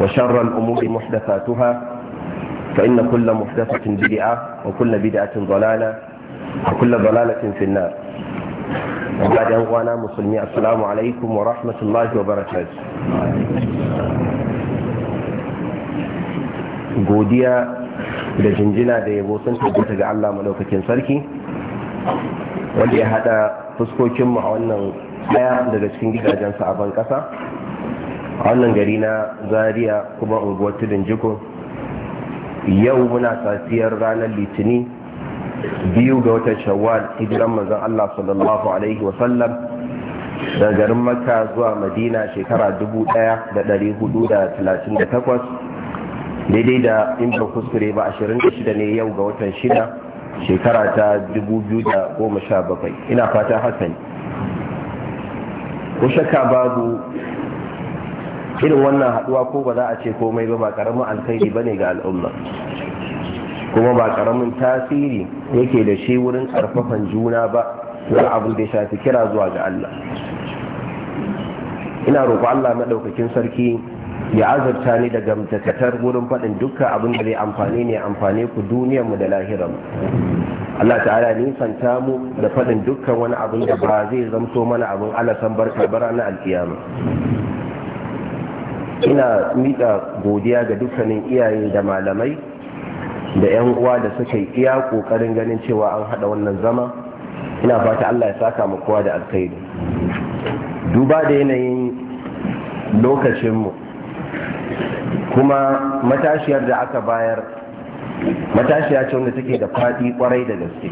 وشر الأمور محدثاتها فإن كل محدثة بدعة وكل بدعة ضلالة وكل ضلالة في النار وبعد أنوانا مسلمي السلام عليكم ورحمة الله وبركاته godiya da jinjina da yabo sun tabbata ga Allah malaukakin sarki wanda ya hada fuskokinmu a wannan daya daga cikin gidajensa a ban kasa a wannan gari na zaria kuma unguwar tudun jiko yau muna safiyar ranar litini biyu ga watan shawwal hijiran manzon allah sallallahu alaihi wasallam daga garin makka zuwa madina shekara 1438 daidai da in ba kuskure ba 26 ne yau ga watan shida shekara ta 2017 ina fata hasani ko shakka babu irin wannan haduwa ko ba za a ce komai ba ba karamin alkhairi ba ne ga al'umma kuma ba karamin tasiri yake da shi wurin karfafan juna ba wani abin da ya shafi kira zuwa ga Allah ina roƙo Allah na ɗaukakin sarki ya azabta ni da gamtakatar wurin faɗin dukkan abin da zai amfani ne amfane ku duniyar mu da lahiran Allah ta'ala nisanta mu da faɗin dukkan wani abin da ba zai zamto mana abin alasan barka barana alkiyama ina miƙa godiya ga dukkanin iyaye da malamai da 'yan uwa da suka yi iya ƙoƙarin ganin cewa an haɗa wannan zama ina fata allah ya saka mu kowa da alkhairi duba da yanayin lokacinmu kuma matashiyar da aka bayar matashiya ce wanda take da faɗi kwarai da gaske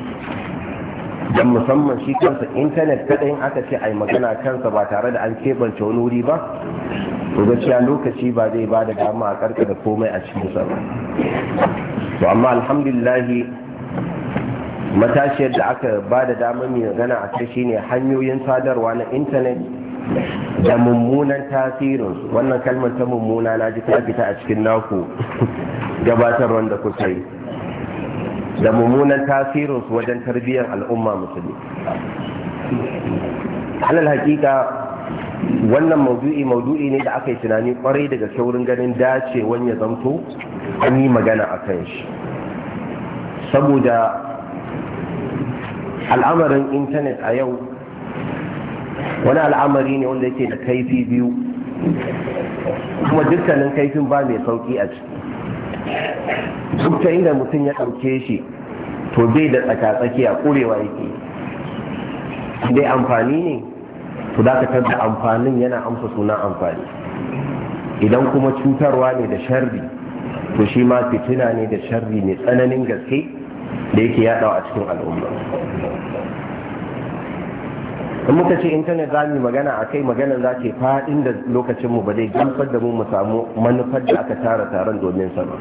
dan musamman shi kansa intanet kada aka ce ai magana kansa ba tare da an kebance wani wuri ba to gaskiya lokaci ba zai ba da dama a karka da komai a cikin sa ba to amma alhamdulillah matashiyar da aka ba da dama mai magana a kai shine hanyoyin sadarwa na intanet da mummunan tasirin wannan kalmar ta mummuna na ji ta fita a cikin naku gabatar wanda kuka yi da mummunan tasirinsu wajen tarbiyyar al'umma musulmi halal hakika wannan maudu'i maudu'i ne da aka yi tunani kwarai daga saurin ganin dacewan ya zamto an yi magana a kan shi saboda al'amarin intanet a yau wani al'amari ne wanda yake da kaifi biyu kuma dukkanin kaifin ba mai sauki a ciki duk ta inda mutum ya ɗauke shi to bai da tsaka-tsaki a ƙurewa yake dai amfani ne to da ka da amfanin yana amsa suna amfani idan kuma cutarwa ne da sharri to shi ma fitina ne da sharri ne tsananin gaske da yake yaɗawa a cikin al'umma in muka ce intanet za mu magana a kai magana za ce faɗin da lokacinmu ba zai gamfar da mu mu samu manufar da aka tara taron domin sa ba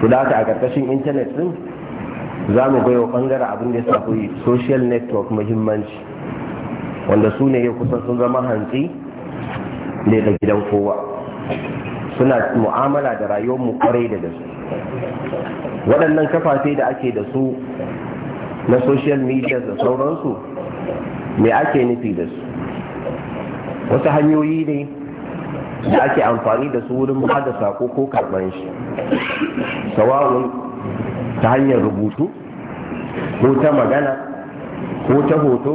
to da aka a ƙarƙashin intanet ɗin za mu baiwa ɓangaren abin da ya shafi social network muhimmanci wanda su ne ya kusan sun zama hantsi ne da gidan kowa suna mu'amala da rayuwar mu kwarai da gaske waɗannan kafafe da ake da su na social media da sauransu me ake nufi da su wasu hanyoyi ne da ake amfani da su wurin ba da sako ko karɓar shi sawa'un ta hanyar rubutu ko ta magana ko ta hoto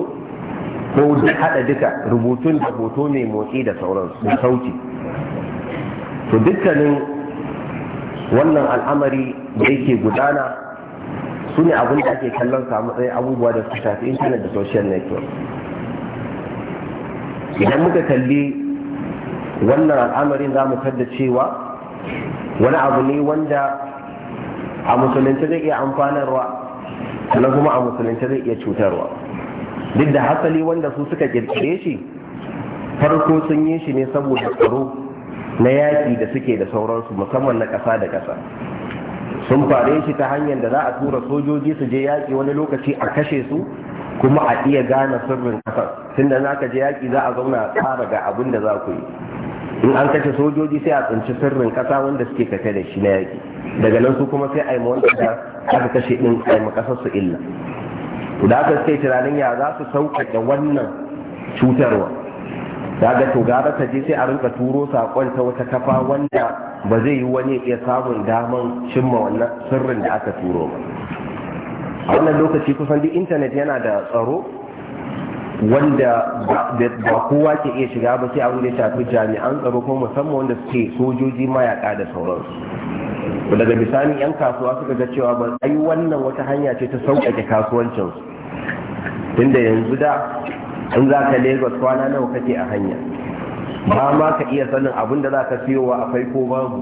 ko haɗa duka rubutun da hoto mai motsi da sauran da sauti to dukkanin wannan al'amari da yake gudana su ne abin da ake kallon samu tsaye abubuwa da su shafi intanet da social network idan muka kalli wannan al'amarin za mu da cewa wani abu ne wanda a musulunci zai iya amfanarwa sannan kuma a musulunci zai iya cutarwa duk da hasali wanda su suka kirkire shi farko sun yi shi ne saboda tsaro na yaƙi da suke da sauransu musamman na ƙasa da ƙasa sun fare shi ta hanyar da za a tura sojoji su je yaƙi wani lokaci a kashe su kuma a iya gane sirrin kasar tunda za ka je yaƙi za a zauna a tsara ga abin da za ku yi in an kashe sojoji sai a tsinci sirrin kasa wanda suke kafe da shi na yaƙi daga nan su kuma sai a yi wanda aka kashe din a yi kasar su illa da aka suke tunanin ya za su sauƙaƙe wannan cutarwa kaga to gara ta je sai a rinka turo sakon ta wata kafa wanda ba zai yi wani ya samun daman cimma wannan sirrin da aka turo ba a wannan lokaci kusan duk intanet yana da tsaro wanda ba kowa ke iya shiga ba sai abin da ya shafi jami'an tsaro ko musamman wanda suke sojoji mayaka da sauransu daga bisani yan kasuwa suka ga cewa ba ai wannan wata hanya ce ta sauƙaƙe kasuwancinsu tunda yanzu da in za ka lagos kwana nawa kake a hanya ba ma ka iya sanin abin da za ka siyowa akwai ko babu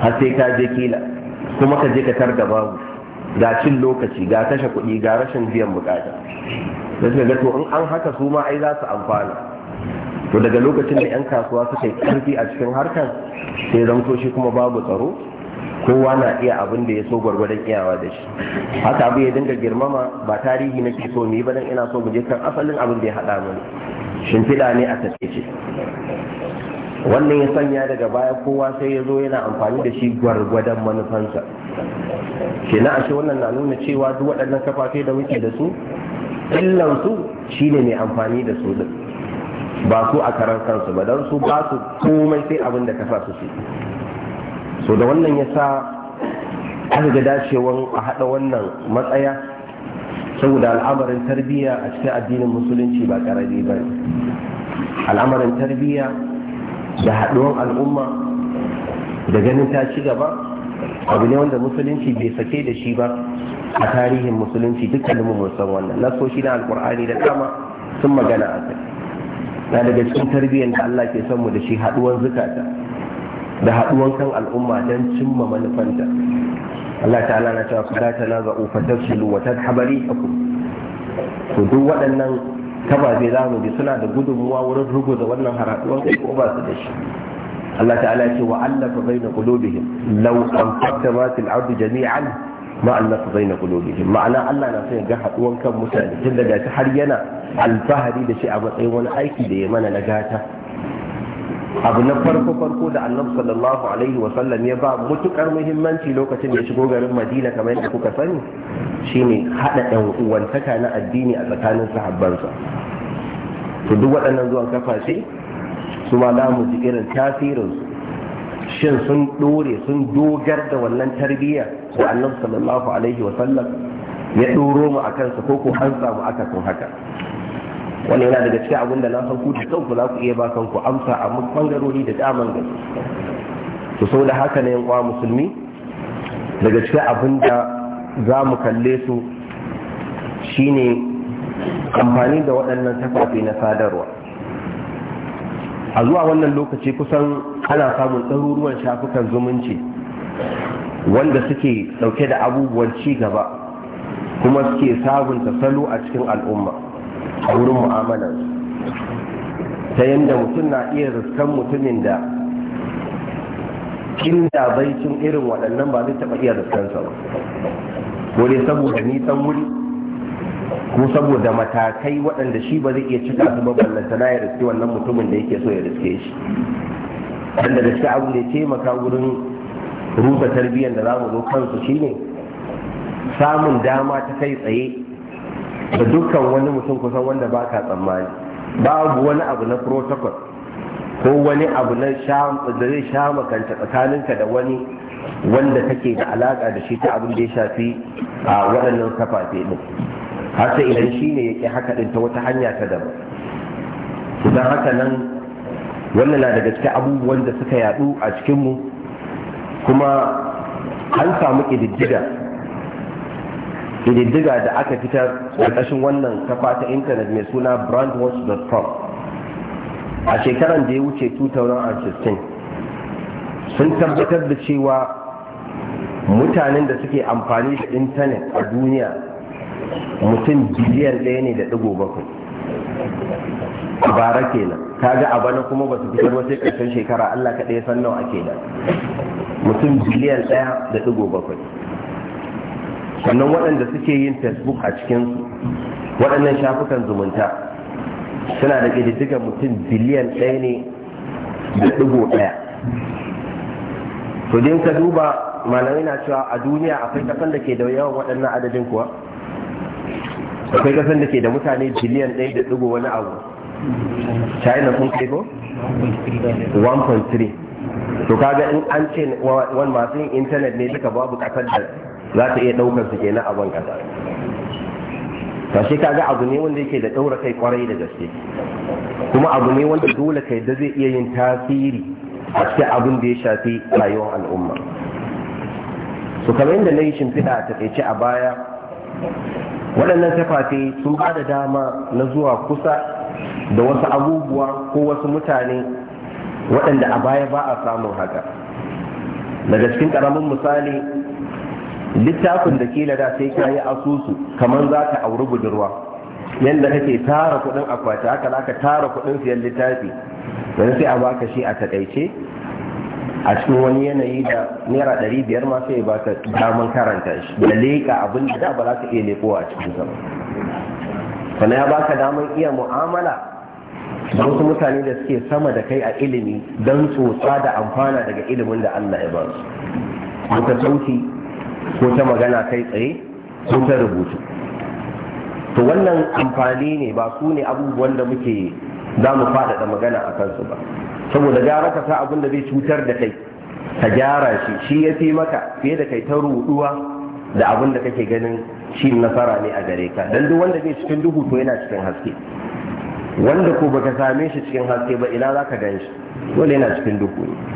har sai ka je kila kuma ka je ka targa da babu ga cin lokaci ga kashe kuɗi ga rashin biyan bukata da suka ga to in an haka su ma ai za su amfana to daga lokacin da 'yan kasuwa suka yi karfi a cikin harkar sai zanto shi kuma babu tsaro kowa na iya abin da ya so gwargwadon iyawa da shi haka abu ya dinga girmama ba tarihi na ke so mu ba dan ina so mu je kan asalin abin da ya haɗa mu shimfiɗa ne a ce? wannan ya sanya daga baya kowa sai ya zo yana amfani da shi gwargwadon manufansa kenan ashe wannan na nuna cewa duk waɗannan kafafe da muke da su illansu shine mai amfani da su ba su a karan kansu ba don su ba su komai sai abin da ka su su so da wannan ya sa aka ga dacewan a haɗa wannan matsaya saboda al'amarin tarbiyya a cikin addinin musulunci ba ƙarari ba al'amarin tarbiyya da haɗuwan al'umma da ganin ta ci gaba abu ne wanda musulunci bai sake da shi ba a tarihin musulunci dukkanin mu san wannan shi na alkur'ani da kama sun magana a kai na daga cikin tarbiyyar da Allah ke son mu da shi haɗuwan zukata da haduwan kan al'umma don cimma manufanta Allah ta'ala na cewa kada ta na za'u fatasulu wa habari akum to duk waɗannan kababe za mu suna da gudunmuwa wurin da wannan haraduwan kai ko ba su da shi Allah ta'ala ce wa allafa baina qulubihim law anfaqta ma fil ardi jami'an ma allafa baina qulubihim ma'ana Allah na son ga haduwan kan mutane tun daga har yana alfahari da shi a matsayin wani aiki da ya mana na gata abu na farko farko da annabi sallallahu alaihi wa sallam ya ba mutukar muhimmanci lokacin da ya shigo garin madina kamar yadda kuka sani shine hada ɗan uwantaka na addini a tsakanin sahabbansa to duk waɗannan zuwan kafashe su ma za mu ji irin tasirin shin sun dore sun dogar da wannan tarbiyya da annabi sallallahu alaihi wa sallam ya doro mu akan su ko ko an samu akasin haka wannan yana daga cikin abin da na san ku da kanku za ku iya ba kanku amsa a bangarori da daman su, to da haka ne yan kwa musulmi daga cikin abin da za mu kalle su shine amfani da waɗannan tafafi na sadarwa a zuwa wannan lokaci kusan ana samun ɗaruruwan shafukan zumunci wanda suke ɗauke da abubuwan ci gaba kuma suke sabunta salo a cikin al'umma a wurin mu'amalar ta yadda mutum na iya riskan mutumin da inda baicin irin waɗannan ba zai taɓa iya riskansa ba ko dai saboda nisan wuri ko saboda matakai waɗanda shi ba zai iya cika su maballanta na ya riske wannan mutumin da yake so ya riske shi wanda da shi abu ne taimaka wurin rusa tarbiyyar da za mu zo kansu shine samun dama ta kai tsaye da dukkan wani mutum kusan wanda ba ka tsammani babu wani abu na protocol ko wani abu na da zai sha makanta tsakaninka da wani wanda kake da alaka da shi ta abin da ya shafi a waɗannan kafafe ɗin har idan shi ne ya ƙi haka ɗin ta wata hanya ta daban idan haka nan wannan na daga cikin abubuwan da suka yaɗu a cikinmu kuma an samu ƙididdiga ƙididdiga da aka fitar ƙarƙashin wannan kafa ta intanet mai suna brandwatch.com a shekaran da ya wuce 2016 sun tabbatar da cewa mutanen da suke amfani da intanet a duniya mutum biliyan ɗaya ne da ɗigo bakwai a bara kenan ga a bana kuma ba su fitar wasu ƙarshen shekara allah kaɗai san nawa da. mutum biliyan ɗaya da ɗigo bakwai sannan waɗanda suke yin facebook a cikinsu waɗannan shafukan zumunta suna da ƙididdigar mutum biliyan ɗaya ne da ɗigo ɗaya to din ka duba malamai na cewa a duniya akwai ƙasan da ke da yawan waɗannan adadin kuwa akwai ƙasan da ke da mutane biliyan ɗaya da ɗigo wani abu china sun kai ko 1.3 to kaga in an ce wani masu yin intanet ne duka babu kasar da za ta iya ɗaukar su kenan a ban ƙasa ta shi kaga abu ne wanda yake da ɗaura kai kwarai da gaske kuma abu ne wanda dole kai da zai iya yin tasiri a cikin abin da ya shafi rayuwar al'umma su kama inda na yi shimfiɗa a takaice a baya waɗannan tafafe sun ba da dama na zuwa kusa da wasu abubuwa ko wasu mutane waɗanda a baya ba a samun haka daga cikin ƙaramin misali littafin da kila da sai ka yi asusu kamar za ka auri budurwa yadda kake tara kuɗin akwati haka za ka tara kuɗin siyan littafi don sai a baka shi a takaice a cikin wani yanayi da naira ɗari biyar ma sai ba ka daman karanta shi da leƙa abin da ba za ka iya leƙowa a cikin zama. sannan ya baka damar iya mu'amala da wasu mutane da suke sama da kai a ilimi don tsotsa da amfana daga ilimin da Allah ya ba su. Muka sauki ko ta magana kai tsaye ko ta rubutu to wannan amfani ne ba su ne abubuwan da muke za mu faɗaɗa magana a kansu ba saboda gara ka sa abin da zai cutar da kai ka gyara shi shi ya fi maka fiye da kai ta ruɗuwa da abin da kake ganin shi nasara ne a gare ka don duk wanda zai cikin duhu to yana cikin haske wanda ko baka same shi cikin haske ba ina za ka gan shi dole yana cikin duhu ne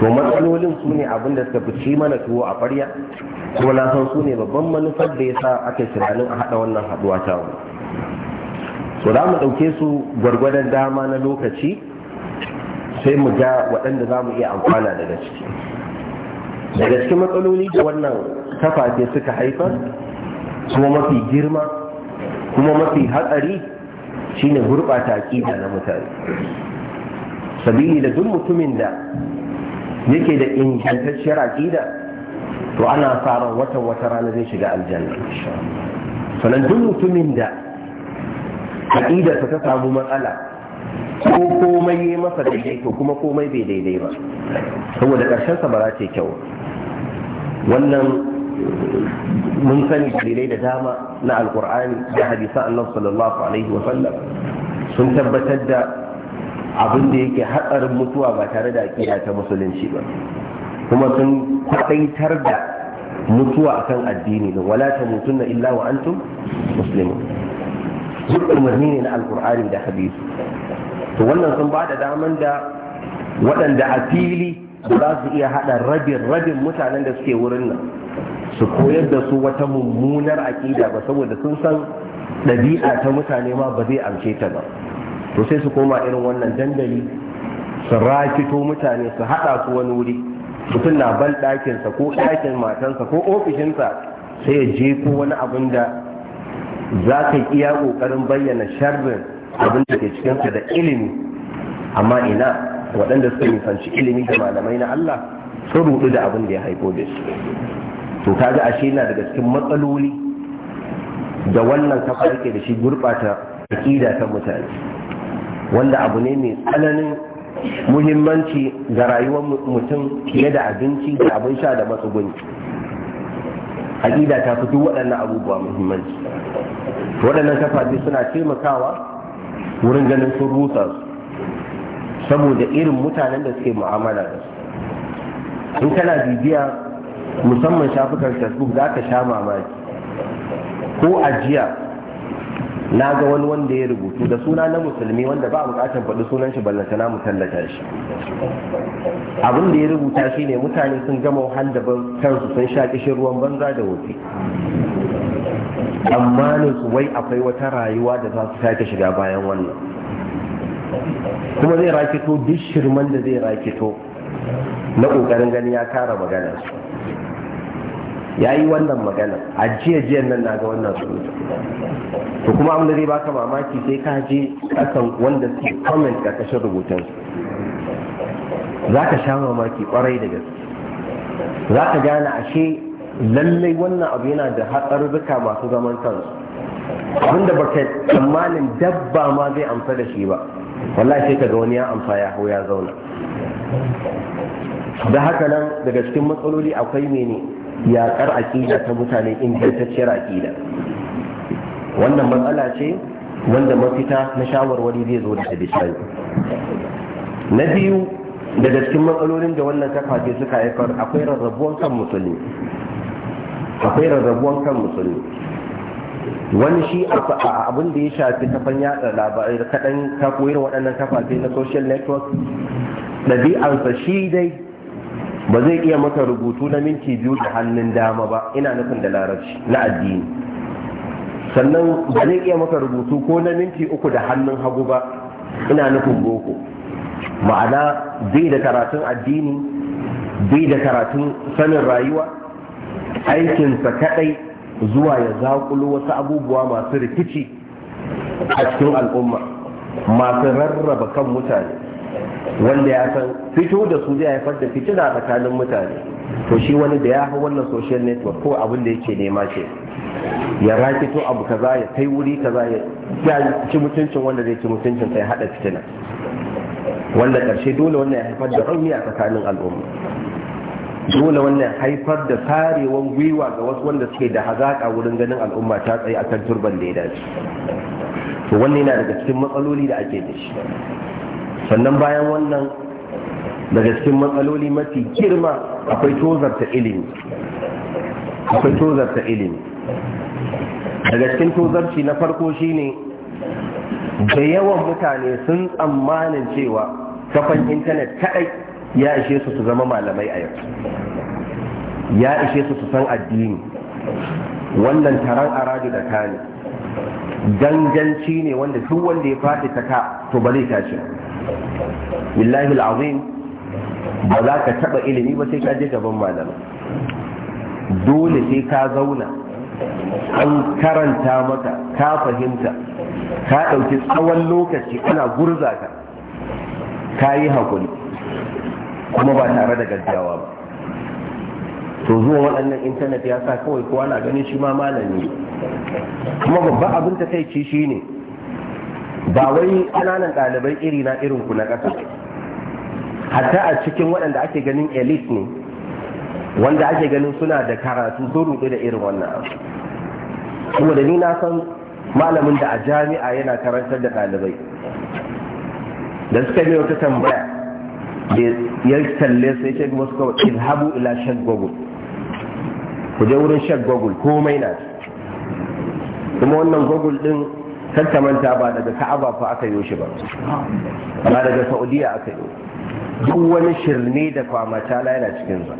to matsalolin su ne abin da suka fi ci mana tuwo a farya kuma na san su ne babban manufar da ya sa aka tunanin a haɗa wannan haɗuwa ta mu so za mu ɗauke su gwargwadon dama na lokaci sai mu ga waɗanda za mu iya amfana daga ciki daga cikin matsaloli da wannan kafafe suka haifar kuma mafi girma kuma mafi hatsari shine gurɓata aƙida na mutane sabili da duk mutumin da yake da ingantacciyar aƙida to ana fara watan wata rana zai shiga aljanna sannan duk mutumin da aƙida ta samu matsala ko komai ya masa daidai to kuma komai bai daidai ba saboda ƙarshensa ba za ta kyau wannan mun sani dalilai da dama na alkur'ani da hadisan annabi sallallahu alaihi wa sallam sun tabbatar da abin da yake hatsarin mutuwa ba tare da aƙida ta musulunci ba kuma sun kwaɗaitar da mutuwa akan addini da wala ta na illa wa antum musulmi duk umarni ne na alkur'ani da hadisi to wannan sun ba da daman da waɗanda a fili za su iya haɗa rabin rabin mutanen da suke wurin nan su koyar da su wata mummunar aƙida ba saboda sun san ɗabi'a ta mutane ma ba zai amshe ta ba to sai su koma irin wannan dandali su rakito mutane su haɗa su wani wuri mutum na ban ɗakinsa ko ɗakin matansa ko ofishinsa sai ya je ko wani abin da za ka iya ƙoƙarin bayyana sharrin abin da ke cikinsa da ilimi amma ina waɗanda suka nufanci ilimi da malamai na Allah sun rudu da abin da ya haifo da su to kaga ashe yana daga cikin matsaloli da wannan kafa yake da shi gurɓata aƙida ta mutane wanda abu ne mai tsananin muhimmanci ga rayuwar mutum fiye da abinci da abin sha da matsuguni aƙida ta fito waɗannan abubuwa muhimmanci waɗannan kafafi suna taimakawa wurin ganin sun rusa su saboda irin mutanen da suke mu'amala da su in kana bibiya musamman shafukan facebook za ka sha mamaki ko ajiya na ga wani wanda ya rubutu da suna na musulmi wanda ba bukatar faɗi sunan shi ballanta na mutallata shi abin da ya rubuta shi ne mutane sun gama wahal da kansu sun sha kishin ruwan banza da wofi amma ne su wai akwai wata rayuwa da za su sake shiga bayan wannan kuma zai rakito duk shirman da zai rakito na ƙoƙarin gani ya kara magana ya yi wannan magana a jiya jiyan nan na ga wannan surutu to kuma abin da zai baka mamaki sai ka je kasan wanda suke comment kashin rubutun za ka sha mamaki kwarai da gaske za ka gane ashe lallai wannan abu yana da hatsarurruka masu zaman kansu abinda ba ka tsammanin dabba ma zai amsa da shi ba wallahi sai ka ga wani ya amsa ya hau ya zauna da haka nan daga cikin matsaloli akwai mene yaƙar aƙida ta mutane ingantacciyar aƙida wannan matsala ce wanda mafita na shawarwari zai zo da ta bisani na biyu da cikin matsalolin da wannan kafafe suka haifar akwai rarrabuwan kan musulmi akwai rarrabuwan kan musulmi wani shi abin da ya shafi kafan yada labarai da kaɗan kakoyin waɗannan kafafe na social network ɗabi'arsa shi dai ba zai iya maka rubutu na minti biyu da hannun dama ba ina nufin da larabci na addini sannan ba zai iya maka rubutu ko na minti uku da hannun hagu ba ina nufin boko ma'ana bai da karatun addini bai da karatun sanin rayuwa aikinsa kadai zuwa ya zakulo wasu abubuwa masu rikici a cikin al'umma masu rarraba kan mutane wanda ya san fito da su zai haifar da fitina tsakanin mutane to shi wani da ya hau wannan social network ko abin da yake nema ce ya rakito abu kaza ya kai wuri kaza ya ci mutuncin wanda zai ci mutuncin sai hada fitina wanda karshe dole wannan ya haifar da rauni a tsakanin al'umma dole wannan haifar da tarewan gwiwa ga wasu wanda suke da hazaƙa wurin ganin al'umma ta tsaye a kan turban da ya dace to wannan yana daga cikin matsaloli da ake da shi sannan bayan wannan daga cikin matsaloli mafi girma akwai tozarta ilimi akwai tozarta ilimi daga cikin tozarci na farko shine da yawan mutane sun tsammanin cewa kafan intanet kaɗai ya ishe su su zama malamai a yau ya ishe su su san addini wannan taron aradu da ta ganganci ne wanda duk wanda ya faɗi ta ka to ba zai tashi billahi al'azim ba za ka taba ilimi ba sai ka je gaban malama dole sai ka zauna an karanta maka ka fahimta ka ɗauki tsawon lokaci ana gurza ka ka yi hakuri kuma ba tare da gaggawa ba to zuwa waɗannan intanet ya sa kawai kowa na ganin shi ma malami kuma babban abin ta kai ci shi ne ba wai ƙananan ɗalibai iri na irin ku na ƙasa hatta a cikin waɗanda ake ganin elite ne wanda ake ganin suna da karatu sun rute da irin wannan abu da ni na san malamin da a jami'a yana karantar da ɗalibai da suka yi wata tambaya da ya kalle sai ce suka wakil Habu ila shan gogul ku je wurin shan gogul komai na kuma wannan gogul din ta manta ba daga ka'aba fa aka yi shi ba ba daga saudiya aka yi duk wani shirme da kwamata la yana cikin sa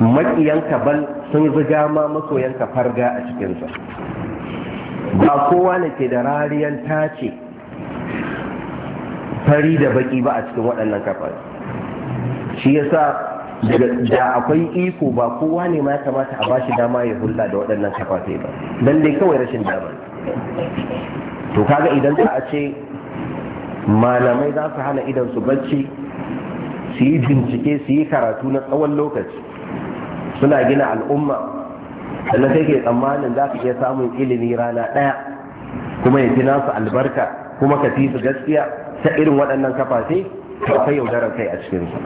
makiyan kabal sun riga ma masoyan ka farga a cikin sa ba kowa ne ke da rariyan tace fari da baki ba a cikin waɗannan kafar shi yasa da akwai iko ba kowa ne ma ya kamata a bashi dama ya hulɗa da waɗannan kafafe ba dan kawai rashin dama to kaga idan za a ce malamai za su hana idan su bacci su yi bincike su yi karatu na tsawon lokaci suna gina al'umma sannan kai ke tsammanin za ka iya samun ilimi rana ɗaya kuma ya fi nasu albarka kuma ka fi su gaskiya ta irin waɗannan kafafe kai yaudarar kai a cikinsu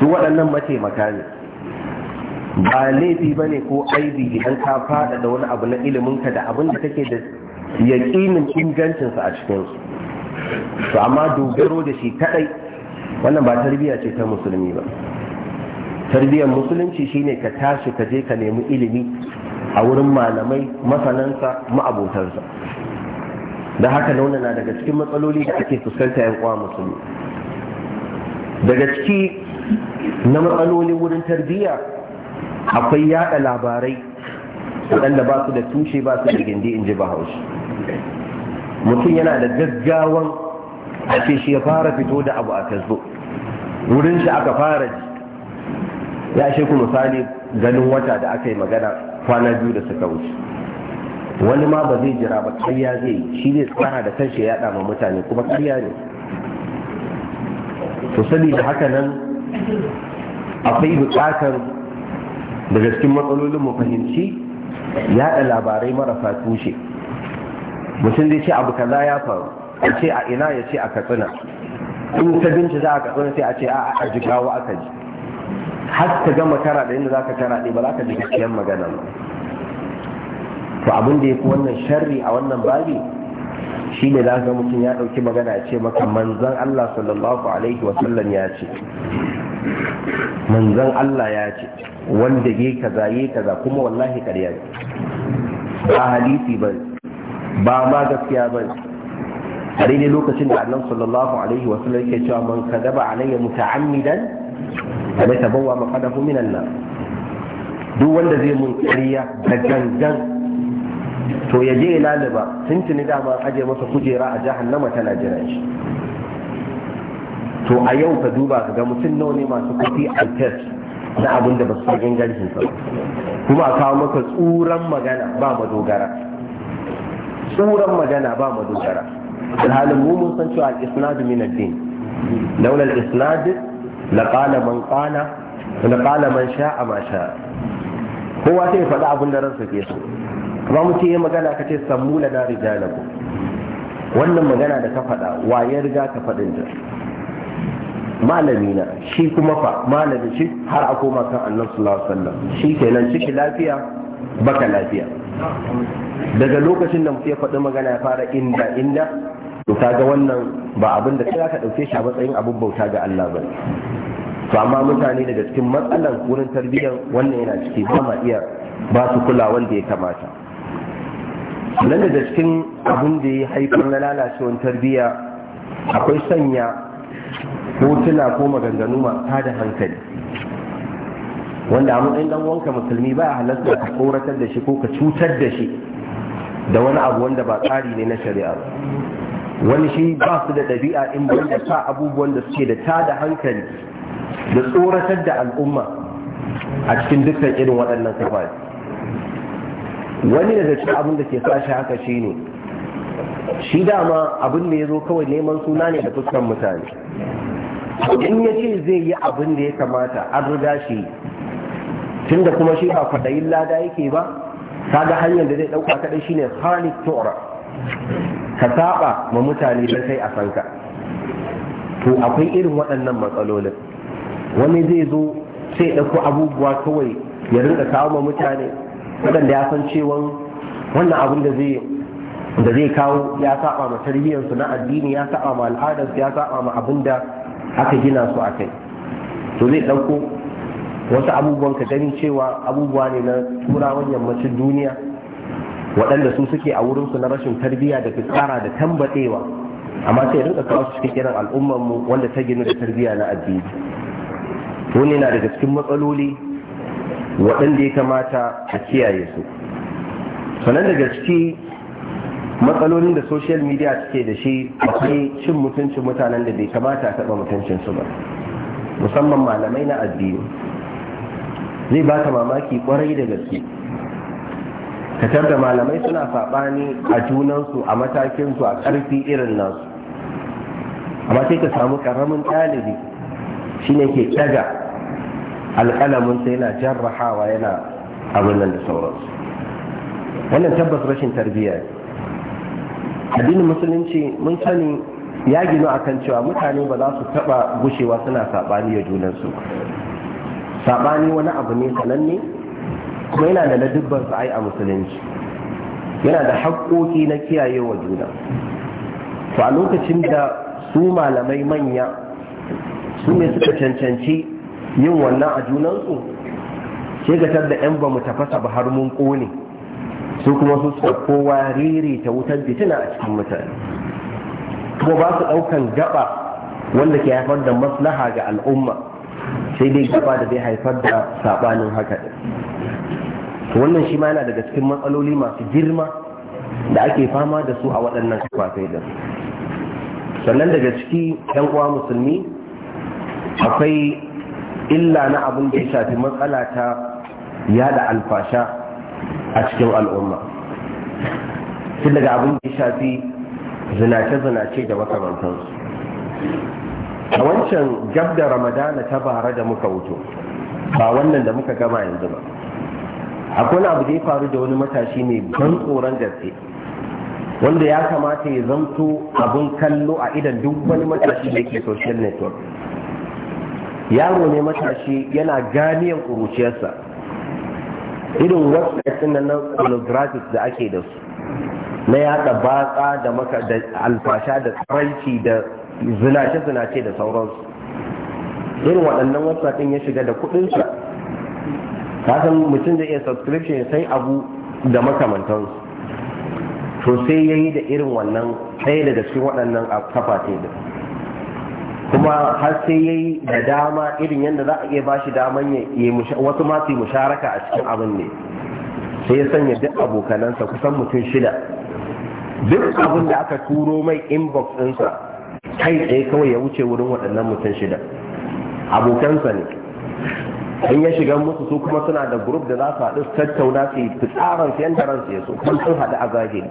su waɗannan mataimaka ne ba laifi ba ne ko aibi idan ka fada da wani abu na ilimin ka da abin da take da yaƙinin ingancinsa a cikinsu to amma dogaro da shi kadai wannan ba tarbiyya ce ta musulmi ba tarbiyyar musulunci shine ka tashi ka je ka nemi ilimi a wurin malamai masanansa ma'abotarsa da haka nuna na daga cikin matsaloli da ake fuskanta yan uwa musulmi daga ciki na matsalolin wurin tarbiyya akwai yada labarai waɗanda ba su da tushe ba su da gindi in ji bahaushe mutum yana da gaggawan a ce shi ya fara fito da abu a tasbo wurin shi aka fara ji ya shi ku misali ganin wata da aka yi magana kwana biyu da suka wuce wani ma ba zai jira ba karya zai yi shi zai tsara da kanshi ya yada ma mutane kuma karya ne to da haka nan akwai bukatar daga cikin matsalolin mu fahimci yada labarai marasa tushe mutum zai ce abu kaza ya faru a ce a ina ya ce a katsina in ta binci za a katsina sai a ce a a jigawa aka ji har ta gama kara da yadda za ka kara ba za ka ji gaskiyar magana ba to abin da ya fi wannan sharri a wannan babi shi ne za ka mutum ya ɗauki magana ya ce maka manzan Allah sallallahu alaihi wasallam ya ce manzan Allah ya ce wanda ya kaza ya kaza kuma wallahi ƙarya ne ba halifi ba ba ma gaskiya ba a daidai lokacin da annan sallallahu alaihi wa sallam yake cewa man kadaba alayya muta'ammidan fa tabawwa maqadahu minan nan. duk wanda zai mun ƙarya da gangan to ya je ya lalaba sun tuni dama aje masa kujera a jahannama tana jiran shi to a yau ka duba ka ga mutum nawa ne masu kuɗi a test na abin da ba su yi ingancin sa kuma a kawo maka tsuran magana ba madogara tsuran magana ba madogara alhalin mu mun san cewa al-isnad min ad-din laula al-isnad qala man qala qala man sha'a ma sha'a kowa sai ya faɗi abin da ransa ke so kuma mu ce magana ka ce sammula na rijalaku wannan magana da ka faɗa wa ya riga ka faɗin ta malami na shi kuma fa malami shi har a koma kan annabi sallallahu alaihi wasallam shi kenan ciki lafiya baka lafiya daga lokacin da mutum ya faɗi magana ya fara inda inda to kaga wannan ba abin da kai ka ɗauke shi a matsayin abin bauta ga Allah ba to amma mutane daga cikin matsalan wurin tarbiyyar wannan yana ciki ba ma iya ba su kula wanda ya kamata nan daga cikin abin da ya haifar na lalacewar tarbiyya akwai sanya hotuna ko maganganu masu tada hankali wanda a matsayin dan wanka musulmi ba a halatta ka tsoratar da shi ko ka cutar da shi da wani abu wanda ba tsari ne na shari'a ba wani shi ba su da ɗabi'a in ban da sa abubuwan da suke da tada hankali da tsoratar da al'umma a cikin dukkan irin waɗannan kafafi wani daga cikin abin da ke sa shi haka shi ne shi dama abin da ya zo kawai neman suna ne da fuskan mutane in ya ce zai yi abin da ya kamata an riga shi tunda kuma shi ba kwaɗayin lada yake ba ta ga hanyar da zai ɗauka kaɗai shi ne halik tora ka saba ma mutane da sai a sanka to akwai irin waɗannan matsalolin wani zai zo sai ɗauko abubuwa kawai ya rinka kawo ma mutane waɗanda ya san cewa wannan abin da zai da zai kawo ya saba ma tarbiyyarsu na addini ya saba ma al'adarsu ya saba ma abin aka gina su a kai to zai ɗauko wasu abubuwan ka gani cewa abubuwa ne na turawan yammacin duniya waɗanda su suke a wurinsu na rashin tarbiyya da fitsara da tambaɗewa amma sai rinka kawo su cikin irin al'ummarmu wanda ta gina da tarbiyya na addini wani na daga cikin matsaloli waɗanda ya kamata a kiyaye su sannan daga ciki matsalolin da social media suke da shi akwai cin mutuncin mutanen da bai kamata a taɓa su ba musamman malamai na addini zai ba baka mamaki kwarai da gaske ka da malamai suna saɓani a junansu a matakinsu a ƙarfi irin nasu amma sai ka samu ƙaramin ɗalibi shine ke ɗaga sa yana jarrahawa yana abin nan da sauransu wannan tabbas rashin tarbiyya ne addinin musulunci mun sani ya gino kan cewa mutane ba za su taba gushewa suna sabani ya junansu Saɓani wani abu ne sananne kuma yana da ladubban sa'ai a musulunci yana da haƙƙoƙi na kiyaye wa juna to a lokacin da su malamai manya su ne suka cancanci yin wannan a junansu sai ga da 'yan ba mu tafasa ba har mun ƙone su kuma su suka kowa riri ta wutar fitina a cikin mutane kuma ba su ɗaukan gaba wanda ke haifar da maslaha ga al'umma sai dai gaba da zai haifar da saɓanin haka wannan shi ma yana daga cikin matsaloli masu girma da ake fama da su a waɗannan kafafai din sannan daga ciki yan uwa musulmi akwai illa na abin da ya shafi matsala ta yada alfasha a cikin al'umma shi daga abin da shafi zinace-zinace da makamantansu a wancan gab da ramadana ta bara da muka wuto ba wannan da muka gama yanzu ba akwai abu da ya faru da wani matashi ne ban tsoron gaske wanda ya kamata ya zamto abin kallo a idan duk wani matashi da ke social network yaro ne matashi yana ganiyar ƙuruciyarsa irin wasu na nan holographic da ake da su na yada batsa da maka da alfasha da tsaranci da zinace zinace da sauransu irin waɗannan wasu ɗin ya shiga da kuɗin sa kasan mutum zai iya subscription sai abu da makamantansu to sai yi da irin wannan ɗaya daga cikin waɗannan kafafe din kuma har sai ya yi da dama irin yadda za a iya ba shi daman ya wasu masu yi musharaka a cikin abin ne sai ya sanya duk abokanansa kusan mutum shida duk abin da aka turo mai inbox ɗinsa kai tsaye kawai ya wuce wurin waɗannan mutum shida abokansa ne in ya shiga musu su kuma suna da grup da za su haɗu tattauna su yi fitsarar su yanda ransu ya so kuma sun haɗu a zahiri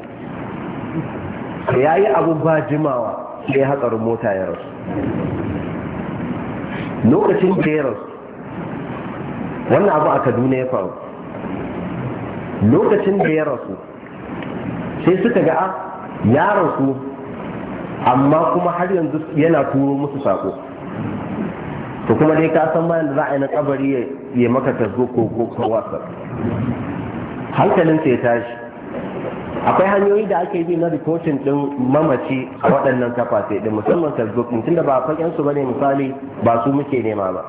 ya yi abu ba jimawa sai hatsarin mota ya rasu lokacin da ya rasu wannan abu a kaduna ya faru lokacin da ya rasu sai suka ga ah, ya rasu amma kuma har yanzu yana turo musu sako to kuma dai ka san bayan da za a yi na kabari ya maka tazo ko ko Hankalin hankalinsa ya tashi akwai hanyoyi da ake bi na reporting din mamaci a waɗannan kafafe din musamman facebook din tunda ba fagen su bane misali ba su muke nema ba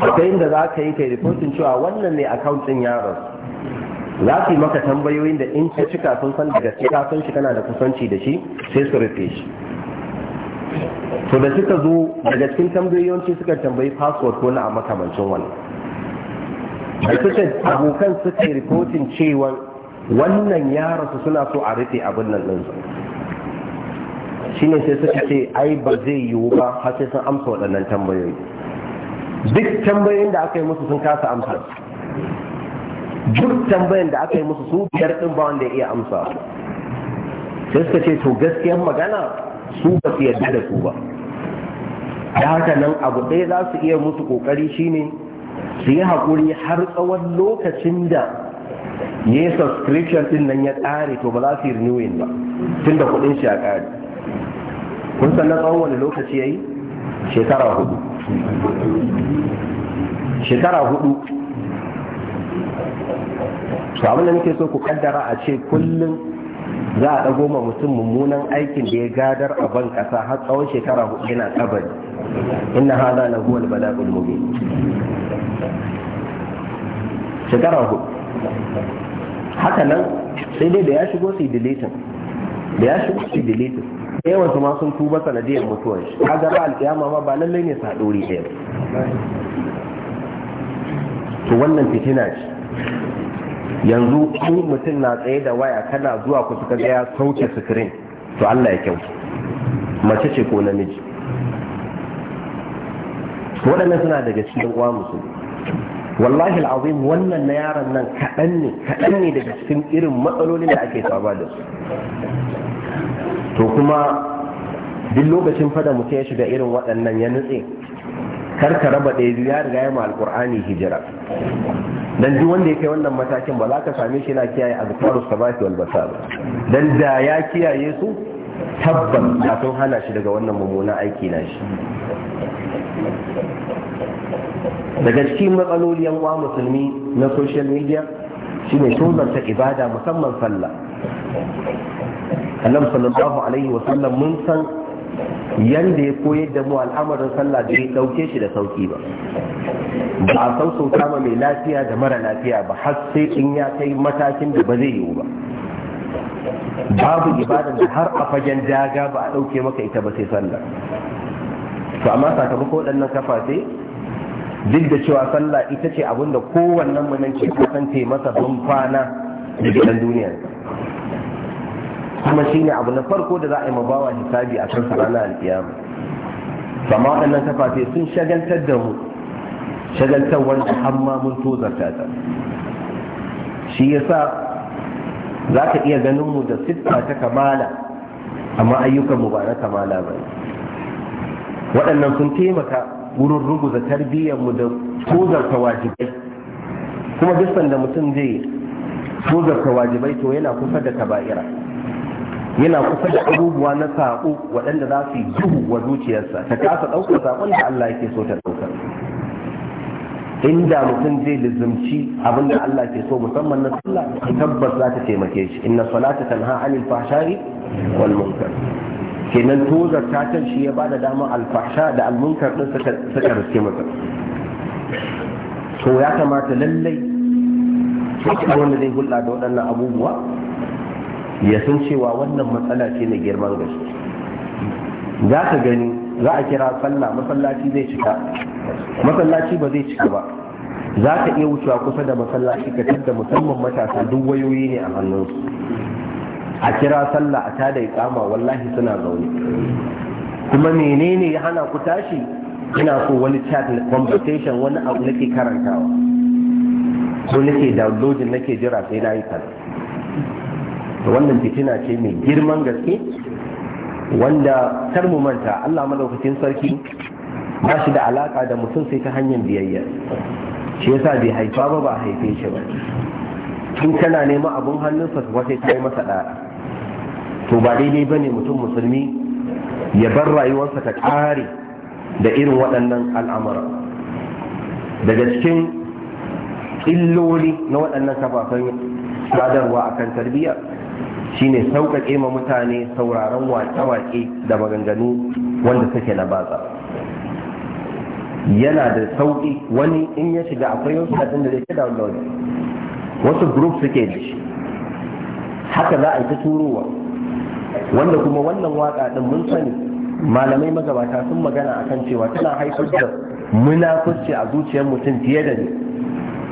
akwai inda za ka yi kai reporting cewa wannan ne account din yaron za su yi maka tambayoyin da in ka cika sun san daga cika sun shi kana da kusanci da shi sai su rufe shi to da suka zo daga cikin tambayoyinci suka tambayi password ko na a makamancin wannan da suka abokan suka yi reporting cewa wannan ya rasu suna so a rufe abin nan ɗin shi ne sai suka ce ai ba zai yiwu ba har sai sun amsa waɗannan tambayoyi duk tambayoyin da aka yi musu sun kasa amsa duk tambayin da aka yi musu su biyar ɗin ba wanda ya iya amsa sai suka ce to gaskiyar magana su ba su yarda da su ba da haka nan abu ɗaya za su iya musu ƙoƙari shine su yi haƙuri har tsawon lokacin da ya yi subscription din nan ya tsare to ba za su yi renewing ba tun da kuɗin shi ya kare. kun san na tsawon wani lokaci ya yi shekara hudu shekara hudu su abin da nake so ku kaddara a ce kullum za a dago ma mutum mummunan aikin da ya gadar a ban kasa har tsawon shekara hudu yana tsabar inna hada na huwa bala'ul mubin shekara hudu haka nan sai dai da ya shigo su deletin da ya shigo su deletin da yawan su ma tuba sanadiyar mutuwar shi a gaba alƙiyama ma ba lallai ne sa ɗori ɗaya to wannan fitina ce yanzu in mutum na tsaye da waya kana zuwa ku ka gaya ya sauke sikirin to Allah ya kyau mace ce ko namiji waɗannan suna daga cikin uwa musulmi wallahi al'azim wannan na yaron nan kaɗan ne kaɗan ne daga cikin irin matsalolin da ake saba da su to kuma duk lokacin fada mutum ya shiga irin waɗannan ya nutse kar ka raba ɗaya ya riga ya ma alƙur'ani hijira dan duk wanda ya kai wannan matakin ba za ka same shi yana kiyaye azkaru sabati wal basar dan da ya kiyaye su tabbas da sun hana shi daga wannan mummunan aiki na shi daga cikin matsaloli yan uwa musulmi na social media shine sunanta ibada musamman sallah annabi sallallahu alaihi wa sallam mun san yanda ya koyar da mu al'amarin sallah da ya dauke shi da sauki ba ba a san sauka ma mai lafiya da mara lafiya ba har sai in ya kai matakin da ba zai yiwu ba babu ibadar da har a fagen daga ba a dauke maka ita ba sai sallah to amma sakamako waɗannan kafafe duk da cewa sallah ita ce abin da kowannen mu nan ke kasance masa ban kwana da gidan duniyar kuma shine abu na farko da za a yi mabawa hisabi a kan ranar alkiyama waɗannan kafafe sun shagaltar da mu shagaltar wanda amma mun tozarta ta shi yasa za ka iya ganin mu da siffa ta kamala amma ayyukan mu ba na kamala ba waɗannan sun taimaka wurin ruguza mu da tozarta wajibai kuma duk da mutum zai tozarta wajibai to yana kusa da kaba'ira yana kusa da abubuwa na sako waɗanda za su yi duhu wa zuciyarsa ta kasa ɗaukar sakon da Allah yake so ta ɗaukar inda mutum zai lizumci abin da Allah ke so musamman na sallah tabbas za ta taimake shi inna salata tanha anil fahsha'i wal munkar kenan tozar can shi ya bada dama alfahsha da almunkar din suka riske masa to ya kamata lallai wanda zai hulɗa da waɗannan abubuwa ya san cewa wannan matsala ce na girman gaske za ka gani za a kira sallah masallaci zai cika masallaci ba zai cika ba za ka iya wucewa kusa da masallaci ka da musamman matasa duk wayoyi ne a hannunsu a kira sallah a tada ikama wallahi suna zaune kuma menene ya hana ku tashi ina so wani chat conversation wani abu nake karantawa ko nake downloading nake jira sai na yi wannan fitina ce mai girman gaske wanda kar mu manta Allah madaukakin sarki ba shi da alaka da mutum sai ta hanyar biyayya shi yasa bai haifa ba ba haife shi ba tun kana neman abun hannunsa wata ta yi masa ɗaya. to ba daidai ba ne mutum musulmi ya bar rayuwarsa ta ƙare da irin waɗannan al'amura daga cikin illoli na waɗannan kafafen sadarwa a kan tarbiyya ne sauƙaƙe ma mutane sauraron waƙe-waƙe da maganganu wanda suke na batsa yana da sauƙi wani in ya shiga akwai wasu ɗin da zai download wasu group suke da shi haka za a yi ta turowa wanda kuma wannan waka din mun sani malamai magabata sun magana akan cewa tana haifar da munafurci a zuciyar mutum fiye da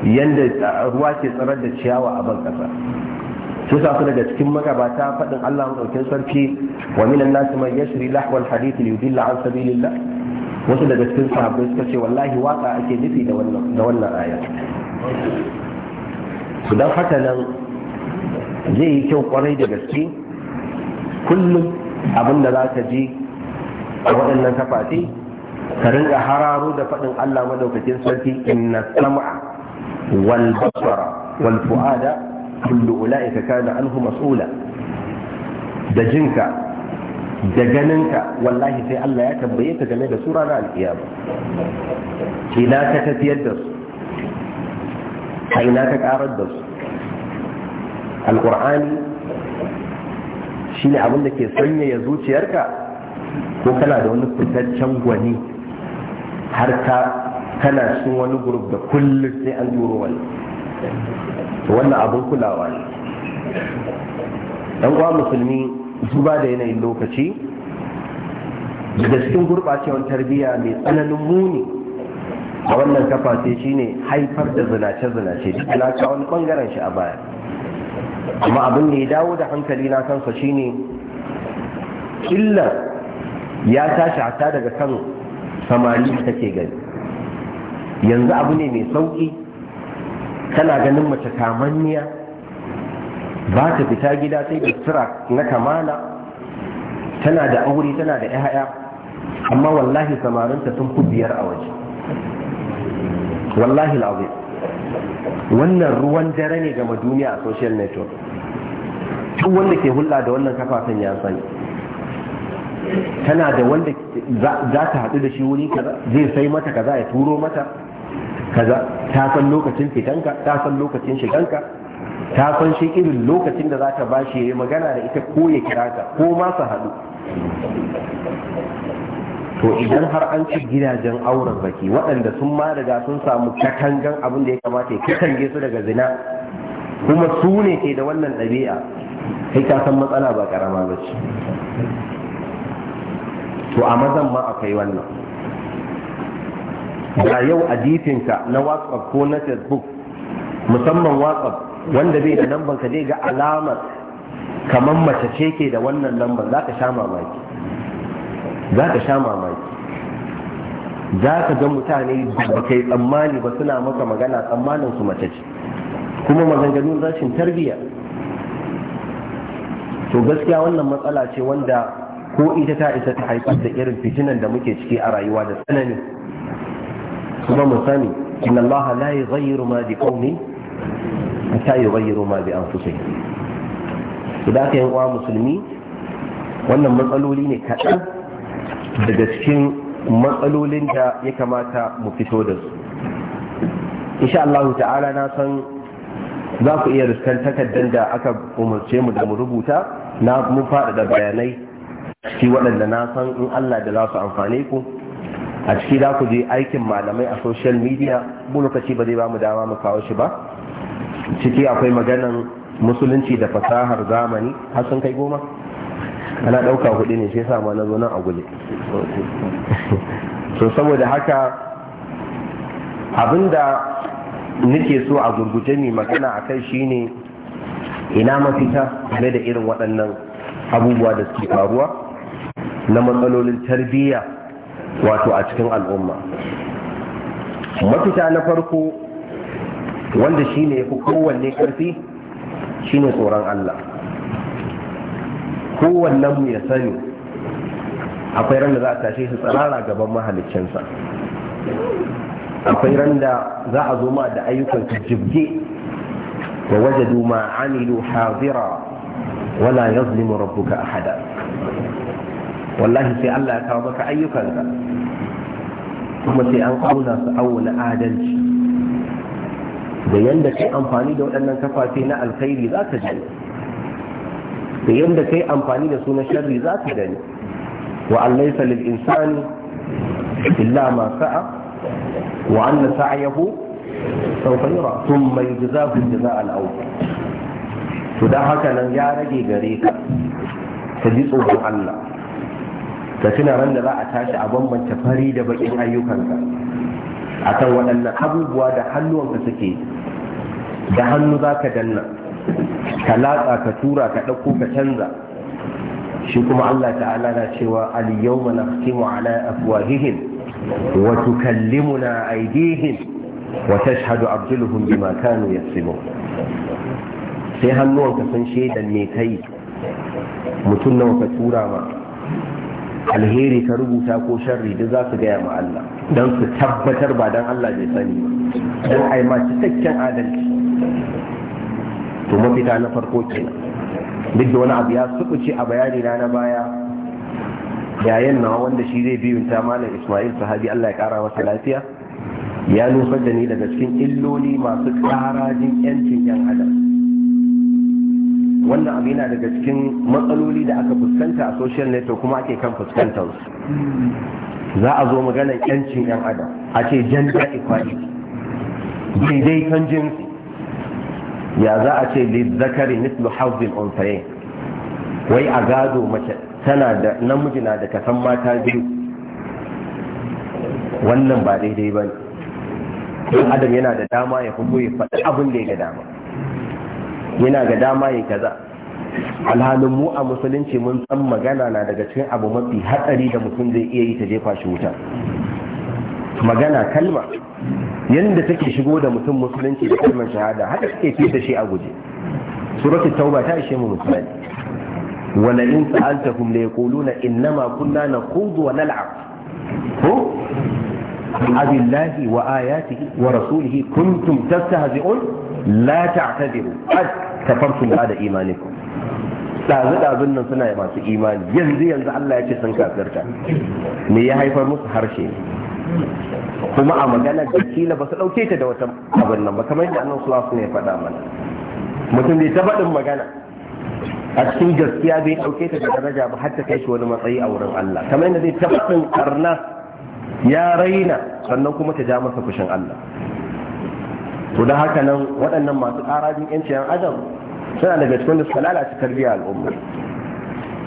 yadda ruwa ke tsarar da ciyawa a ban kasa su sa daga cikin magabata faɗin Allah ɗaukin sarki wa minan nasu mai yashiri lahwal hadith li yudilla an sabilillah wasu daga cikin sahabbai suka ce wallahi waka ake nufi da wannan da wannan aya su dan haka nan zai yi kyau kwarai da gaske kullum abin da za ka ji a waɗannan kafafi ka ringa hararo da faɗin Allah madaukakin sarki inna sam'a wal basara wal fu'ada kullu ula'ika kana anhu mas'ula da jinka da ganinka wallahi sai Allah ya tambaye ka game da sura na alkiyama ina ka tafiyar da su a ina ka karar da su alqur'ani shi ne abin da ke sanyaya zuciyarka ko kana da wani fitaccen gwani har ka kana cikin wani gurub da kullum sai an juro wani wannan abin kulawa ne dan uwa musulmi zuba da yanayin lokaci daga cikin gurɓacewar tarbiyya mai tsananin muni a wannan kafa sai shine haifar da zinace-zinace duk alaka wani bangaren shi a baya amma abin da ya dawo da hankali na kansa shine illa ya tashi hata daga kan samari da take gani yanzu abu ne mai sauki tana ganin mace kamanniya ba ta fita gida sai da sutura na kamala tana da aure tana da 'ya'ya amma wallahi samarinta sun fi biyar a waje wallahi al'azim wannan ruwan dare ne gama duniya a social network tun wanda ke hula da wannan kafafen ya sani tana da wanda za ta haɗu da shi wuri kaza zai sai mata kaza ya turo mata kaza ta san lokacin fitanka ta san lokacin shiganka ta san shi irin lokacin da za ta ba shi magana da ita ko ya kira ka ko ma su haɗu to idan har an ci gidajen auren baki waɗanda sun ma riga sun samu katangan abin da ya kamata ya katange su daga zina kuma su ne ke da wannan ɗabi'a sai ka san matsala ba ƙarama ba ce to a mazan ma akwai wannan ga yau a ka na whatsapp ko na facebook musamman whatsapp wanda bai da lambar ka ga alamar kamar mace ce ke da wannan lambar za ka sha mamaki za ka sha mamaki za ka ga mutane ba kai tsammani ba suna maka magana tsammanin su mace ce kuma maganganun rashin tarbiyya to gaskiya wannan matsala ce wanda ko ita ta isa ta haifar da irin fitinan da muke ciki a rayuwa da tsanani kuma mu sani inna allaha la yughayyiru ma bi qawmin hatta yughayyiru ma bi anfusihim to da ka yi wa musulmi wannan matsaloli ne kaɗan daga cikin matsalolin da ya kamata mu fito da su insha Allah ta'ala na san za ku iya riskan takardar da aka umarce mu da mu rubuta na mu faɗaɗa bayanai ciki waɗanda na san in Allah da za su amfane ku a ciki za ku je aikin malamai a social media mu lokaci ba zai ba mu dama mu kawo shi ba ciki akwai maganan musulunci da fasahar zamani har sun kai goma ana ɗauka hudu ne shi yasa ma na zo nan a guje so saboda haka abinda nake so a gurguje mai magana a kai shine ina mafita game da irin waɗannan abubuwa da suke faruwa na matsalolin tarbiyya wato a cikin al'umma mafita na farko wanda shine ya fi kowanne ƙarfi shine tsoron Allah kowannen mu ya sani akwai ran da za a tashe shi tsirara gaban mahaliccinsa akwai ran da za a zo ma da ayyukan su jibge wa wajadu ma amilu hazira wala yazlimu rabbuka ahada wallahi sai Allah ya kawo maka ayyukanka kuma sai an auna su auna adalci da yanda ke amfani da waɗannan kafafe na alkhairi za ka je da yadda kai amfani da sunan na sharri za ka gani wa an laysa lil insani illa ma sa'a wa anna sa'yahu sawfa yura mai yujzahu jazaa al awfa to dan haka nan ya rage gare ka ka ji tsoron Allah ka tuna ran da za a tashi a bambance fari da bakin ayyukanka A kan waɗannan abubuwa da hannuwanka suke da hannu za ka danna ka latsa ka tura ka ɗauko ka canza shi kuma Allah ta'ala na cewa al-yawma nakhtimu ala afwahihim wa tukallimuna aydihim wa tashhadu arjuluhum bima kanu yaksibun sai hannuwanka sun shaidan me kai mutum nawa ka tura ma alheri ka rubuta ko sharri duk za su gaya ma Allah don su tabbatar ba don Allah bai sani ba don ai ma cikakken adalci to mafita na farko kenan duk da wani abu ya sukuce a bayani na na baya yayin nawa wanda shi zai ta malam Ismail sahabi Allah ya kara masa lafiya ya nufar da ni daga cikin illoli masu karajin yancin yan adam wannan abu yana daga cikin matsaloli da aka fuskanta a social network kuma ake kan fuskantar su za a zo maganar yancin yan adam a ce gender equality daidaiton jinsi ya za a ce lizzakari mislu hazzin unsayin wai a gado mace tana da namiji na da kasan mata biyu wannan ba daidai ba ne adam yana da dama ya kuma ya faɗi abin da ya ga dama yana ga dama ya kaza alhalin mu a musulunci mun san magana na daga cikin abu mafi hatsari da mutum zai iya yi ta jefa shi wuta magana kalma yanda take shigo da mutum musulunci da kalmar shahada haka take fi da shi a guje suratul tauba ta ishe mu misali wala in sa'altahum la yaquluna innama kunna naqudu wa nal'ab ko abillahi wa ayatihi wa rasulihi kuntum tastahzi'un la ta'tadiru qad kafartum ba'da imanikum dazu dazun nan suna masu imani yanzu yanzu Allah ya ce sun kafirta me ya haifar musu harshe kuma a magana da kila ba su dauke ta da wata abin nan ba kamar yadda alaihi wasallam ya faɗa mana mutum bai ta faɗin magana a cikin gaskiya bai ɗauketa ta da daraja ba har ta kai shi wani matsayi a wurin Allah kamar yadda zai ta faɗin ƙarna ya raina sannan kuma ta ja masa fushin Allah to da haka nan waɗannan masu ƙarajin 'yancin adam suna daga cikin da suka lalace tarbiyyar al'umma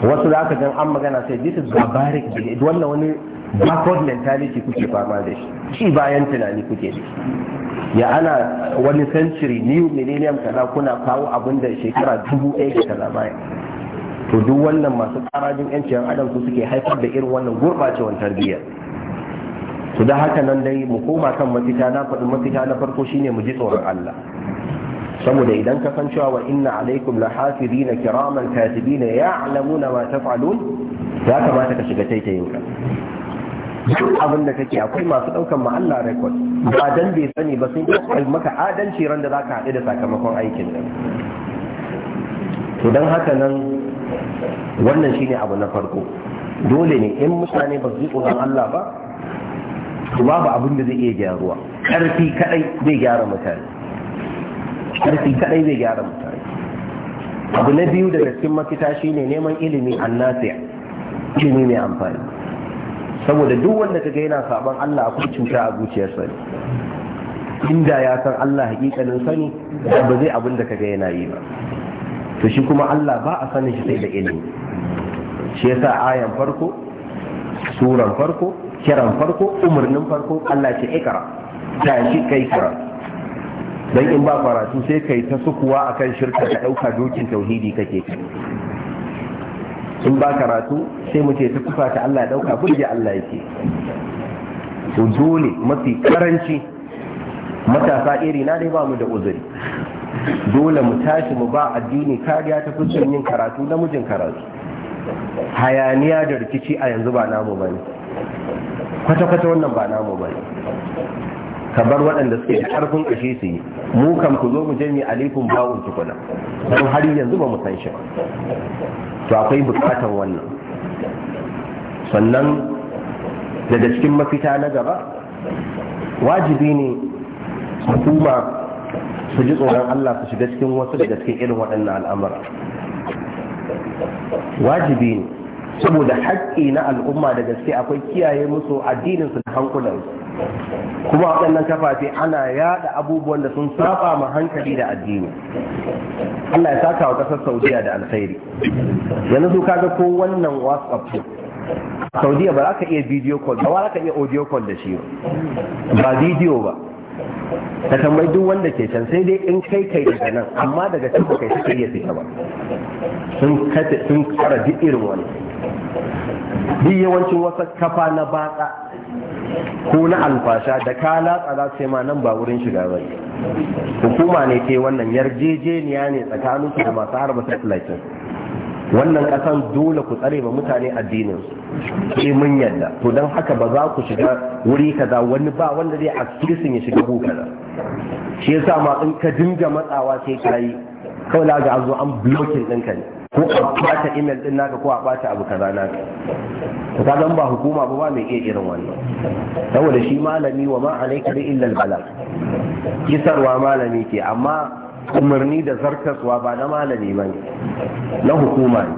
wasu da aka gan an magana sai this is barbaric wannan wani backward mentality kuke fama da shi shi bayan tunani kuke da shi ya ana wani century new millennium kaza kuna kawo abin da shekara dubu ɗaya kaza baya to duk wannan masu karajin yancin adam su suke haifar da irin wannan gurɓacewar tarbiyyar to da haka nan dai mu koma kan mafita na faɗi mafita na farko shine mu ji tsoron Allah saboda idan ka san cewa wa inna alaikum la hafizina kiraman ya ya'lamuna ma taf'alun ya kamata ka shiga taitayin ka duk abin da kake akwai masu daukan ma Allah record ba dan bai sani ba sun yi maka adalci ran da zaka haɗu da sakamakon aikin nan to dan haka nan wannan shine abu na farko dole ne in mutane ba su ji Allah ba ba ba abin da zai iya gyaruwa karfi kadai zai gyara mutane karfi kadai zai gyara mutane abu na biyu daga cikin mafita shine neman ilimi nasiya ilimi mai amfani saboda duk wanda kaga yana saban Allah akwai cuta a zuciyarsa ne inda ya san Allah hakikanin sani da ba zai abin da kaga yana yi ba to shi kuma Allah ba a sanin shi sai da ilimi shi yasa ayan farko suran farko kiran farko umarnin farko Allah ce ikra ta shi kai kira dan in ba karatu sai kai ta sukuwa akan shirka ka dauka dokin tauhidi kake in ba karatu sai mu ce ta kufa ta Allah ya dauka burge Allah yake to dole mafi karanci matasa iri na dai ba mu da uzuri dole mu tashi mu ba addini kariya ta fuskar yin karatu namijin karatu hayaniya da rikici a yanzu ba namu bane kwata-kwata wannan ba namu bane ka bar waɗanda suke da ƙarfin ƙashi su yi mu kan ku zo mu je mu alifin ki tukuna don har yanzu ba mu san shi to akwai buƙatar wannan sannan daga cikin mafita na gaba wajibi ne hukuma su ji tsoron Allah su shiga cikin wasu daga cikin irin waɗannan al'amura wajibi ne saboda haƙƙi na al'umma da gaske akwai kiyaye musu addininsu da hankulansu kuma waɗannan kafafe ana yada abubuwan da sun saba ma hankali da addini Allah ya saka wa ƙasar Saudiya da alkhairi yanzu su kaga ko wannan WhatsApp Saudiya ba za ka iya video call ba za ka iya audio call da shi ba video ba ta tambayi duk wanda ke can sai dai in kai kai daga nan amma daga can ba kai suka iya fita ba sun kare duk irin wani duk yawancin wasa kafa na batsa ko na alfasha da ka latsa za su ma nan ba wurin shiga ba hukuma ne ke wannan yarjejeniya ne tsakanin su da masu harba satellite wannan kasan dole ku tsare ma mutane addinin sai mun yadda to don haka ba za ku shiga wuri kaza wani ba wanda zai akirisin ya shiga buka kaza shi yasa ma in ka dinga matsawa sai ka yi kawai ga an zo an blocking ɗinka ne ko a bata email din naka ko a bata abu kaza naka to ka ba hukuma ba ba mai iya irin wannan saboda shi malami wa ma alayka bi illa al kisarwa malami ke amma umarni da zarkaswa ba na malami ba na hukuma ne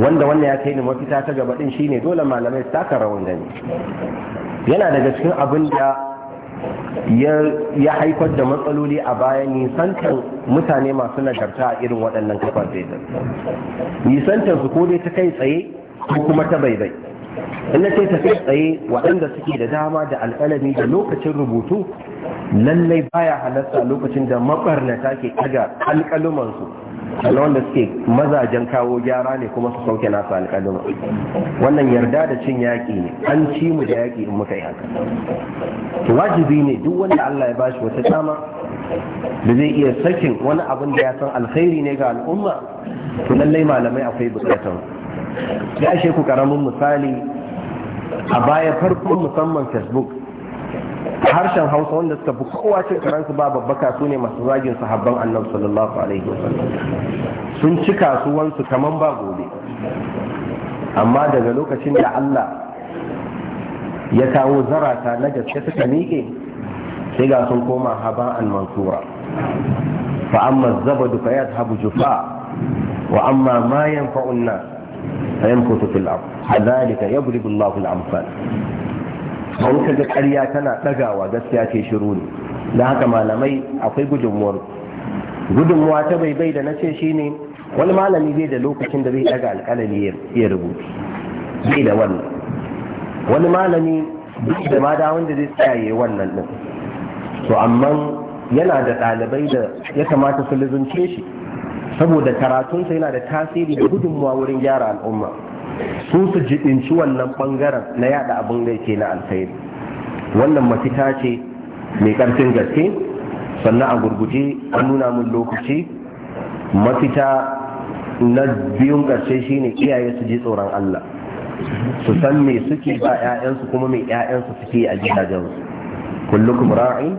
wanda wannan ya kai ni mafita ta gaba din shine dole malamai su taka rawan gani yana daga cikin abin da ya haifar da matsaloli a baya nisantar mutane masu nagarta a irin waɗannan zai nisantar su ko dai ta kai tsaye ko kuma ta bai baibai ina ce ta kai tsaye waɗanda suke da dama da alƙalami da lokacin rubutu lallai baya halarta lokacin da mabarnata ke ɗaga alƙalumansu sannan wanda suke mazajen kawo gyara ne kuma su sauke nasu alƙalima wannan yarda da cin yaƙi ne an ci mu da yaƙi in muka yi haka wajibi ne duk wanda Allah ya bashi wata dama da zai iya sakin wani abin da ya san alkhairi ne ga al'umma to lallai malamai akwai bukatar ya ashe ku karamin misali a baya farko musamman facebook a harshen hausa wanda suka fi kowa cin karansu ba babbaka su ne masu zagin sahabban annabi sallallahu alaihi wasallam sun ci kasuwansu kaman ba gobe amma daga lokacin da Allah ya kawo zarata na gaske suka miƙe sai ga sun koma haba'an mansura fa amma zabadu fa Habu jufa wa amma ma yanfa'un nas fa yamkutu fil ard hadhalika yadribu Allahu al-amsal don wuka ga ƙarya tana ɗagawa gaskiya ce shiru ne da haka malamai akwai gudunmuwar gudunmuwa ta bai bai da na ce shi ne, wani malami bai da lokacin da zai ɗaga alƙalami ya rubuta bai da wannan wani malami duk da ma da wanda zai tsaye wannan din to amma yana da ɗalibai da ya kamata su lizunce shi saboda karatunsa yana da tasiri da gudunmuwa wurin gyara al'umma su su jibinci wannan bangaren na yada abin da yake na alkhairi wannan mafita ce mai ƙarfin gaske sannan a gurguje an nuna mun lokaci mafita na biyun ƙarshe shine iyaye su ji tsoron Allah su san me suke ba 'ya'yansu kuma me 'ya'yansu suke a gidajensu kullukum ra'i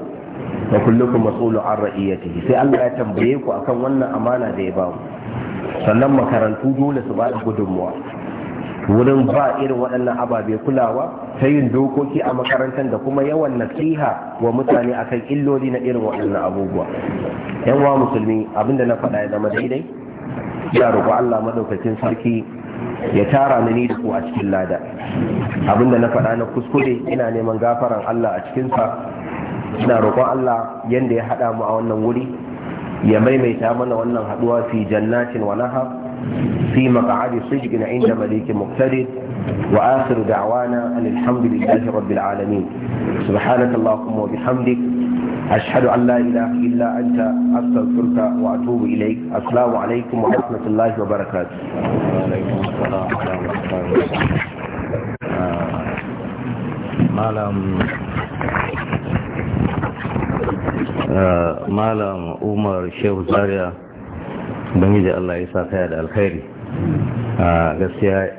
wa kullukum mas'ulu an ra'iyatihi sai Allah ya tambaye ku akan wannan amana da ya ba mu sannan makarantu dole su ba da gudunmuwa wurin ba irin waɗannan ababe kulawa ta yin dokoki a makarantar da kuma yawan nasiha wa mutane akan illoli na irin waɗannan abubuwa yan wa musulmi abinda na faɗa ya zama daidai ya roƙo Allah madaukakin sarki ya tara ni da ku a cikin lada abinda na faɗa na kuskure ina neman gafaran Allah a cikinsa ina roƙon Allah yadda ya haɗa mu a wannan wuri ya maimaita mana wannan haɗuwa fi jannatin wa nahar في مقعد صدق عند مليك مقتدر وآخر دعوانا أن الحمد لله رب العالمين سبحانك اللهم وبحمدك أشهد أن لا إله إلا أنت أستغفرك وأتوب إليك السلام عليكم ورحمة الله وبركاته وعليكم السلام ورحمة الله وبركاته مالام آه، مالام آه، عمر شيخ زاريا ubangiji Allah ya sa kaya da alkhairi a gaskiya